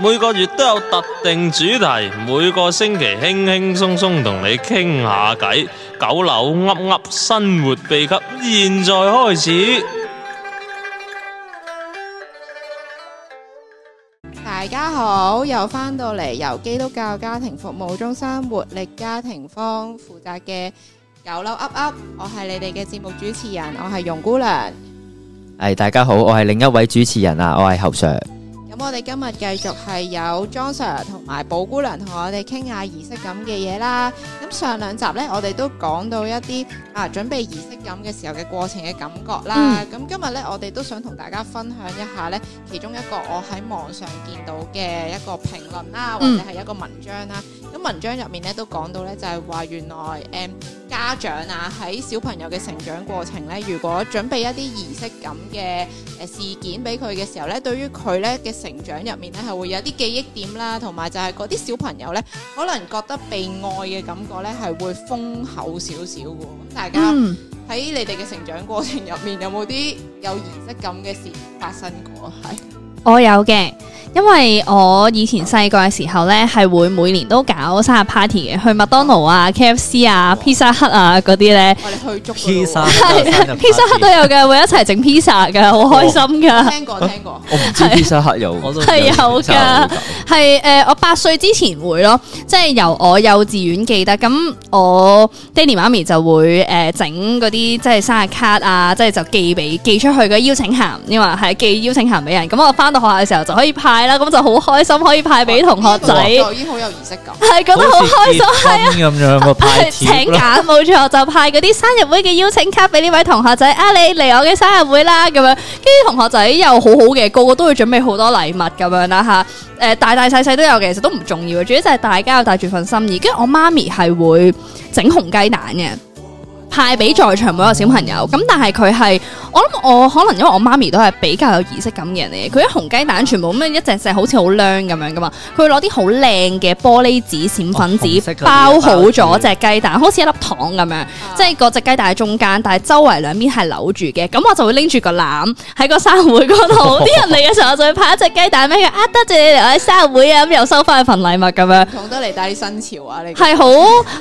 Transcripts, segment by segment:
每個月都有特定主題，每個星期輕輕鬆鬆同你傾下偈。九樓噏噏生活秘笈，現在開始。大家好，又返到嚟由基督教家庭服務中心活力家庭坊負責嘅九樓噏噏，我係你哋嘅節目主持人，我係容姑娘。誒，大家好，我係另一位主持人啊，我係侯 Sir。咁我哋今日繼續係有 Jo Sir 同埋寶姑娘同我哋傾下儀式感嘅嘢啦。咁上兩集呢，我哋都講到一啲啊準備儀式感嘅時候嘅過程嘅感覺啦。咁、嗯、今日呢，我哋都想同大家分享一下呢，其中一個我喺網上見到嘅一個評論啦，或者係一個文章啦。文章入面咧，都講到咧，就係話原來誒、嗯、家長啊喺小朋友嘅成長過程咧，如果準備一啲儀式感嘅誒事件俾佢嘅時候咧，對於佢咧嘅成長入面咧係會有啲記憶點啦，同埋就係嗰啲小朋友咧可能覺得被愛嘅感覺咧係會豐厚少少嘅。咁大家喺你哋嘅成長過程入面有冇啲有儀式感嘅事發生過？係。我有嘅，因為我以前細個嘅時候呢，係會每年都搞生日 party 嘅，去麥當勞啊、K F C 啊、Pizza <哇 >Hut 啊嗰啲呢。我哋去捉 Pizza Hut，係啊，Pizza Hut 都有嘅， 會一齊整 Pizza 披薩嘅，好開心嘅。聽過聽過、啊，我唔知 Pizza Hut 有，係有噶，係誒、呃，我八歲之前會咯，即係由我幼稚園記得，咁我爹哋媽咪就會誒整嗰啲即係生日卡啊，即係就寄俾寄出去嘅邀請函，因為係寄邀請函俾人。咁我翻到。學校嘅時候就可以派啦，咁就好開心可以派俾同學仔，這個、已經好有儀式感，係覺得好開心，係啊咁樣請假冇錯，就派嗰啲生日會嘅邀請卡俾呢位同學仔 啊，你嚟我嘅生日會啦，咁樣跟住同學仔又好好嘅，個個都會準備好多禮物咁樣啦。吓、啊、誒，大大細細都有嘅，其實都唔重要，主要就係大家要帶住份心意。跟住我媽咪係會整紅雞蛋嘅。派俾在場每一個小朋友咁，嗯、但係佢係我諗，我，我可能因為我媽咪都係比較有儀式感嘅人嚟，佢啲紅雞蛋全部咁樣一隻隻好似好靚咁樣噶嘛，佢攞啲好靚嘅玻璃紙、閃粉紙、哦、包好咗隻雞蛋，嗯、好似一粒糖咁樣，嗯、即係嗰隻雞蛋喺中間，但係周圍兩邊係扭住嘅。咁我就會拎住個籃喺個生日會嗰度，啲、哦、人嚟嘅時候，我就會派一隻雞蛋俾佢，哦、啊，多謝你嚟我生日會啊，咁 又收翻一份禮物咁樣，同得嚟帶啲新潮啊，你係好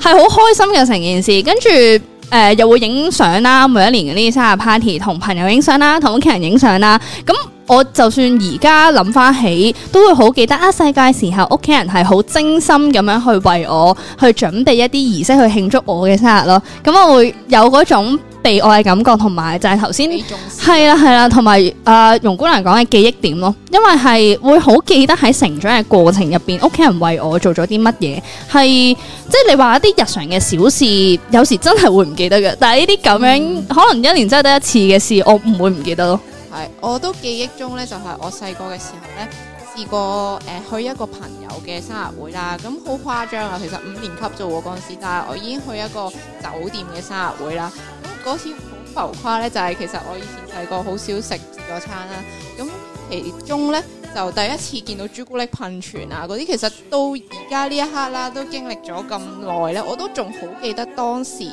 係好開心嘅成件事，跟住。誒、呃、又會影相啦，每一年嗰啲生日 party 同朋友影相啦，同屋企人影相啦。咁我就算而家諗翻起，都會好記得啊！細個時候，屋企人係好精心咁樣去為我去準備一啲儀式去慶祝我嘅生日咯。咁我會有嗰種被愛嘅感覺，同埋就係頭先係啦係啦，同埋誒容姑娘講嘅記憶點咯，因為係會好記得喺成長嘅過程入邊，屋企人為我做咗啲乜嘢。係即係你話一啲日常嘅小事，有時真係會唔記得嘅，但係呢啲咁樣、嗯、可能一年真係得一次嘅事，我唔會唔記得咯。係，我都記憶中呢，就係、是、我細個嘅時候呢。試過誒去一個朋友嘅生日會啦，咁好誇張啊！其實五年級做喎嗰陣時，但係我已經去一個酒店嘅生日會啦。咁嗰次好浮誇呢，就係其實我以前細個好少食自助餐啦。咁其中呢，就第一次見到朱古力噴泉啊嗰啲，其實到而家呢一刻啦，都經歷咗咁耐呢。我都仲好記得當時，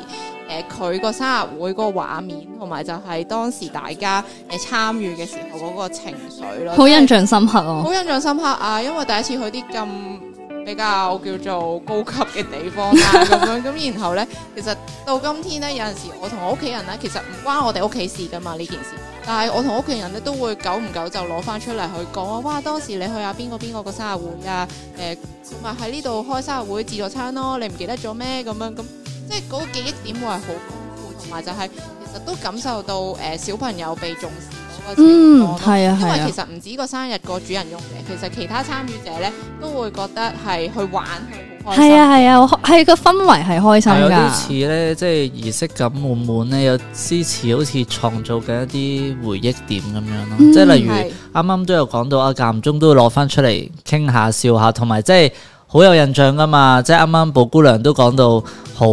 佢個生日會個畫面，同埋就係當時大家誒參與嘅時候嗰個情緒咯，好印象深刻好、啊、印象深刻啊！因為第一次去啲咁比較叫做高級嘅地方啦、啊，咁 樣咁然後呢，其實到今天呢，有陣時我同我屋企人呢，其實唔關我哋屋企事噶嘛呢件事，但係我同屋企人呢，都會久唔久就攞翻出嚟去講啊，哇！當時你去下、啊、邊個邊個個生日會啊，誒、呃，同埋喺呢度開生日會自助餐咯，你唔記得咗咩咁樣咁。即係嗰、那個記憶點會係好豐富，同埋就係、是、其實都感受到誒、呃、小朋友被重視嗰個情況。嗯，係啊了，因為其實唔止個生日個主人用嘅，其實其他參與者咧都會覺得係去玩係好開心。係、嗯嗯、啊，係啊，係個、啊、氛圍係開心㗎。有啲似咧，即係儀式感滿滿咧，有支持，好似創造緊一啲回憶點咁樣咯。即係例如啱啱都有講到啊，間唔中都會攞翻出嚟傾下笑下，同埋即係。好有印象噶嘛，即係啱啱寶姑娘都講到好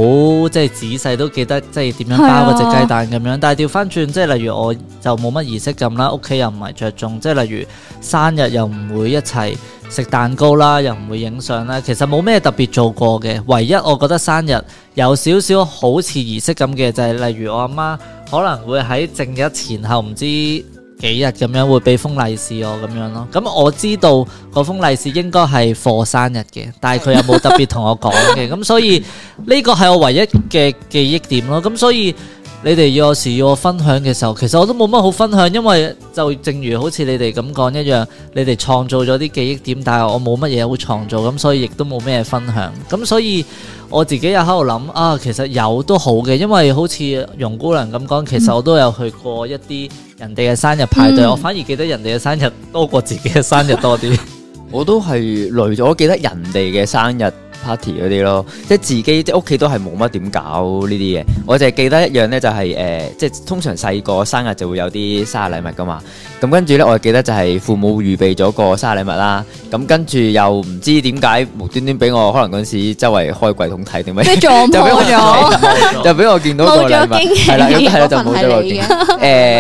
即係仔細都記得，即係點樣包嗰隻雞蛋咁樣的。但係調翻轉，即係例如我就冇乜儀式感啦，屋企又唔係着重，即係例如生日又唔會一齊食蛋糕啦，又唔會影相啦，其實冇咩特別做過嘅。唯一我覺得生日有少少好似儀式咁嘅，就係、是、例如我阿媽可能會喺正日前後唔知幾日咁樣會俾封利是我咁樣咯，咁我知道嗰封利是應該係過生日嘅，但係佢有冇特別同我講嘅，咁 所以呢個係我唯一嘅記憶點咯，咁所以。你哋有時要我分享嘅時候，其實我都冇乜好分享，因為就正如好似你哋咁講一樣，你哋創造咗啲記憶點，但係我冇乜嘢好創造，咁所以亦都冇咩分享。咁所以我自己又喺度諗啊，其實有都好嘅，因為好似容姑娘咁講，其實我都有去過一啲人哋嘅生日派對，我反而記得人哋嘅生日多過自己嘅生日多啲。我都係累咗，記得人哋嘅生日。party 嗰啲咯，即係自己即係屋企都係冇乜點搞呢啲嘢，我淨係記得一樣咧就係誒，即係通常細個生日就會有啲生日禮物噶嘛，咁跟住咧我記得就係父母預備咗個生日禮物啦，咁跟住又唔知點解無端端俾我，可能嗰陣時周圍開櫃桶睇定乜嘢，就俾我就就俾我見到個禮物冇咗驚喜，係啦係啦就冇咗個驚喜。誒，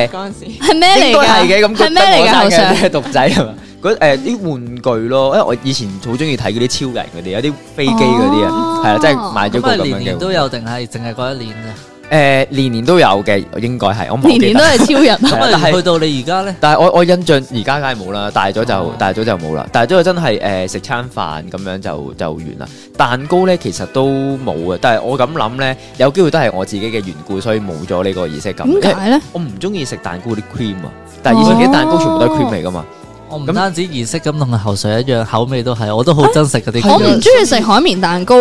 嗰陣時係咩嚟㗎？係咩嚟㗎，我頭上係獨仔係嘛？嗰啲、呃、玩具咯，因為我以前好中意睇嗰啲超人嗰啲，有啲飛機嗰啲啊，係啊、哦，即係買咗個咁樣嘅。年年都有定係淨係嗰一年啊？誒、呃，年年都有嘅，應該係我年年都係超人。去 的是到你而家咧？但係我我印象而家梗係冇啦，大咗就、哦、大咗就冇啦，大咗真係誒食餐飯咁樣就就完啦。蛋糕咧其實都冇啊，但係我咁諗咧，有機會都係我自己嘅緣故，所以冇咗呢個儀式感。點解咧？我唔中意食蛋糕啲 cream 啊，但係以前啲蛋糕全部都係 cream 嚟噶嘛。我唔單止儀式咁同個口水一樣，口味都係，我都好憎食嗰啲。欸、我唔中意食海綿蛋糕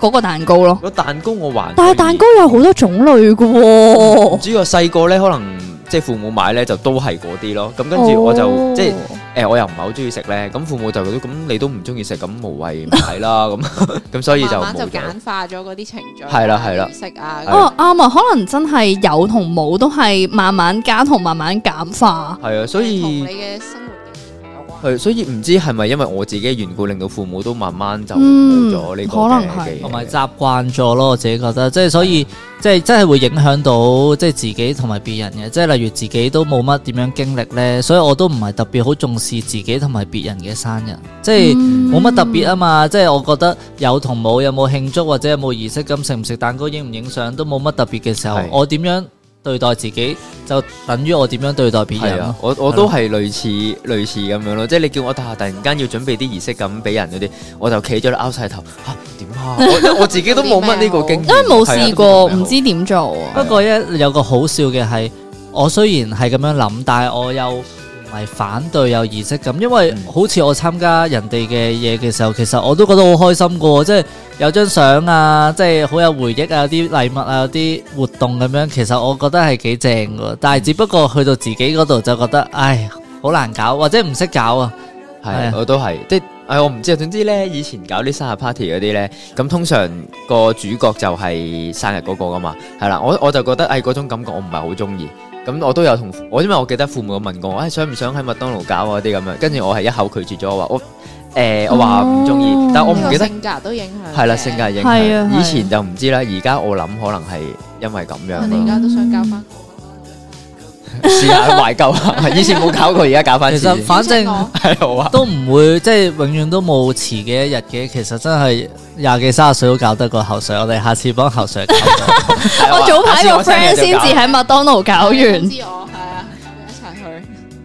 嗰個蛋糕咯。個蛋糕我還。但係蛋糕有好多種類噶、哦，主、嗯哦呃、要細個咧，可能即係父母買咧就都係嗰啲咯。咁跟住我就即係誒，我又唔係好中意食咧。咁父母就咁，你都唔中意食，咁無謂係啦。咁咁所以就就簡化咗嗰啲程序。係啦係啦。食啊！哦，啱呀可能真係有同冇都係慢慢加同慢慢簡化。係啊，所以你嘅。所以唔知係咪因為我自己嘅緣故，令到父母都慢慢就冇咗呢個同埋、嗯、可能係習慣咗咯。我自己覺得，即係所以，是的 即係真係會影響到即係自己同埋別人嘅。即係例如自己都冇乜點樣經歷呢，所以我都唔係特別好重視自己同埋別人嘅生日，即係冇乜特別啊嘛。嗯、即係我覺得有同冇，有冇慶祝或者有冇儀式咁，食唔食蛋糕，影唔影相都冇乜特別嘅時候，是的 我點樣對待自己就等於我點樣對待別人，啊、我我都係類似吧類似咁樣咯。即係你叫我下突然間要準備啲儀式咁俾人嗰啲，我就企咗嚟拗曬頭嚇點啊，啊 我！我自己都冇乜呢個經驗，因為冇 試過，唔、啊、知點做、啊。不過一有個好笑嘅係，我雖然係咁樣諗，但係我又。係反對有儀式感，因為好似我參加人哋嘅嘢嘅時候，其實我都覺得好開心噶，即係有張相啊，即係好有回憶啊，有啲禮物啊，有啲活動咁、啊、樣，其實我覺得係幾正噶。但係只不過去到自己嗰度就覺得，唉，好難搞，或者唔識搞啊。係是，啊、我都係，即係。誒，我唔知啊。總之咧，以前搞啲生日 party 嗰啲咧，咁通常個主角就係生日嗰個噶嘛。係啦，我我就覺得誒，嗰種感覺我唔係好中意。咁我都有同，我因為我記得父母問過我，誒，想唔想喺麥當勞搞啊啲咁樣。跟住我係一口拒絕咗，我話我誒，我話唔中意。但係我唔記得性格都影響。係啦，性格影響。以前就唔知啦，而家我諗可能係因為咁樣。我而家都想搞翻。試 下懷舊，以前冇搞過，而家搞翻。 其實反正係好啊，都唔會即係永遠都冇遲嘅一日嘅。其實真係廿幾三十歲都搞得過後生。我哋下次幫後生搞。 我早排個 friend 先至喺麥當勞搞完。嗯。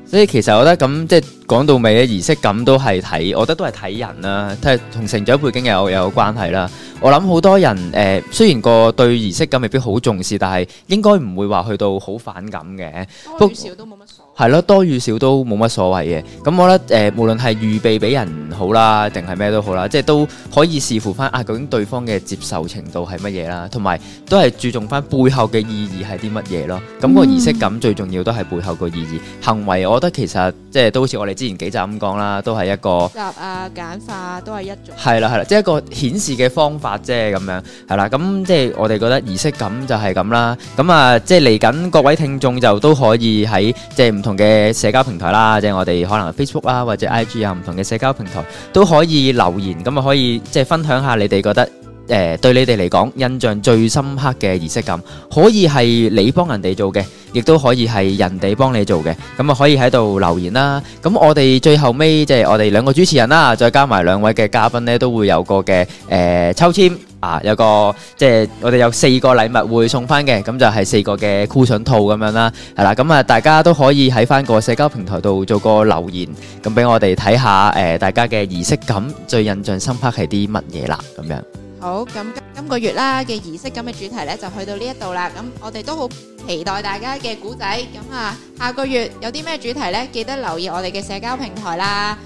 所以其實我覺得咁即係講到尾咧，儀式感都係睇，我覺得都係睇人啦、啊，即係同成長背景有有關係啦。我諗好多人誒、呃，雖然個對儀式感未必好重視，但係應該唔會話去到好反感嘅。都冇乜所謂。係咯，多與少都冇乜所謂嘅。咁我覺得誒、呃，無論係預備俾人好啦，定係咩都好啦，即係都可以視乎翻啊，究竟對方嘅接受程度係乜嘢啦，同埋都係注重翻背後嘅意義係啲乜嘢咯。咁個儀式感最重要都係背後個意義。嗯、行為我覺得其實即係都好似我哋之前幾集咁講啦，都係一個集啊簡化都係一種係啦係啦，即係一個顯示嘅方法啫咁樣係啦。咁即係我哋覺得儀式感就係咁啦。咁啊，即係嚟緊各位聽眾就都可以喺即係唔。唔同嘅社交平台啦，即係我哋可能 Facebook 啊，或者 IG 啊，唔同嘅社交平台都可以留言，咁啊可以即係分享下你哋覺得。誒、呃，對你哋嚟講，印象最深刻嘅儀式感，可以係你幫人哋做嘅，亦都可以係人哋幫你做嘅。咁啊，可以喺度留言啦。咁我哋最後尾即係、就是、我哋兩個主持人啦，再加埋兩位嘅嘉賓呢，都會有個嘅誒抽籤啊，有個即係、就是、我哋有四個禮物會送翻嘅，咁就係四個嘅咕 𠱸 套咁樣啦。係啦，咁啊，大家都可以喺翻個社交平台度做個留言，咁俾我哋睇下誒、呃，大家嘅儀式感最印象深刻係啲乜嘢啦？咁樣。好，咁今個月啦，嘅儀式咁嘅主題咧就去到呢一度啦，咁我哋都好期待大家嘅古仔，咁啊下個月有啲咩主題咧？記得留意我哋嘅社交平台啦，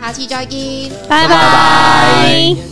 下次再見，拜拜 bye。Bye bye